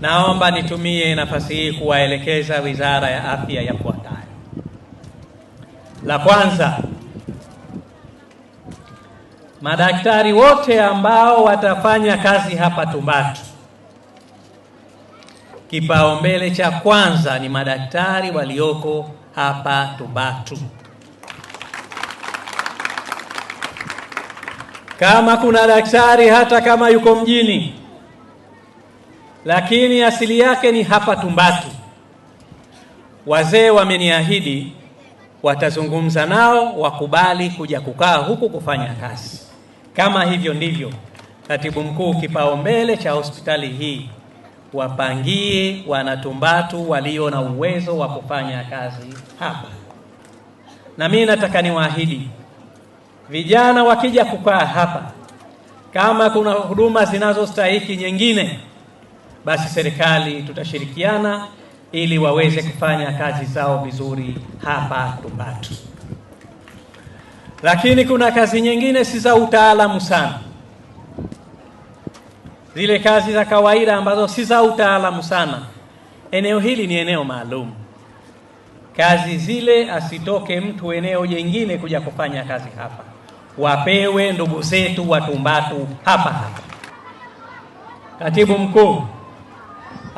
Naomba nitumie nafasi hii kuwaelekeza Wizara ya Afya yafuatayo. La kwanza, madaktari wote ambao watafanya kazi hapa Tumbatu, kipaumbele cha kwanza ni madaktari walioko hapa Tumbatu. Kama kuna daktari hata kama yuko mjini lakini asili yake ni hapa Tumbatu. Wazee wameniahidi watazungumza nao, wakubali kuja kukaa huku kufanya kazi. Kama hivyo ndivyo, katibu mkuu, kipaumbele cha hospitali hii wapangie wanatumbatu walio na uwezo wa kufanya kazi hapa. Na mimi nataka niwaahidi vijana wakija kukaa hapa, kama kuna huduma zinazostahiki nyingine basi serikali tutashirikiana ili waweze kufanya kazi zao vizuri hapa Tumbatu. Lakini kuna kazi nyingine si za utaalamu sana, zile kazi za kawaida ambazo si za utaalamu sana. Eneo hili ni eneo maalum, kazi zile asitoke mtu eneo jingine kuja kufanya kazi hapa, wapewe ndugu zetu wa Tumbatu hapa hapa. Katibu mkuu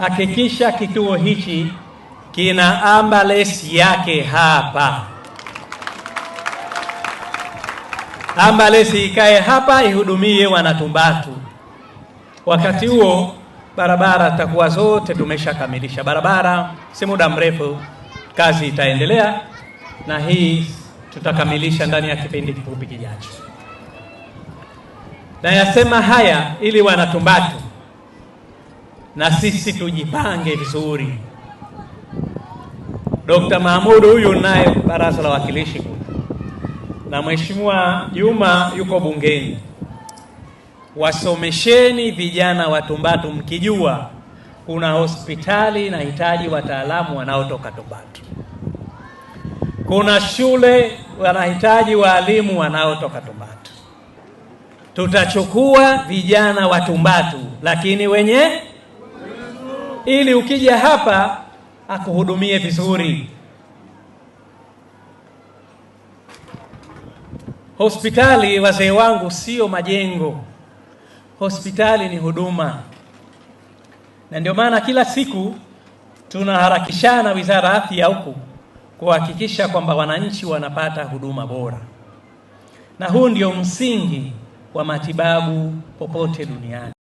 hakikisha kituo hichi kina ambulance yake hapa. Ambulance ikae hapa ihudumie Wanatumbatu. Wakati huo barabara takuwa zote tumeshakamilisha barabara, si muda mrefu kazi itaendelea, na hii tutakamilisha ndani ya kipindi kifupi kijacho. Nayasema haya ili Wanatumbatu na sisi tujipange vizuri. Dr. Mahmud huyu naye baraza la wawakilishi na Mheshimiwa Juma yuko bungeni, wasomesheni vijana wa Tumbatu, mkijua kuna hospitali inahitaji wataalamu wanaotoka Tumbatu, kuna shule wanahitaji waalimu wanaotoka Tumbatu. Tutachukua vijana wa Tumbatu, lakini wenye ili ukija hapa akuhudumie vizuri. Hospitali wazee wangu, sio majengo. Hospitali ni huduma, na ndio maana kila siku tunaharakishana wizara ya afya huku kuhakikisha kwamba wananchi wanapata huduma bora, na huu ndio msingi wa matibabu popote duniani.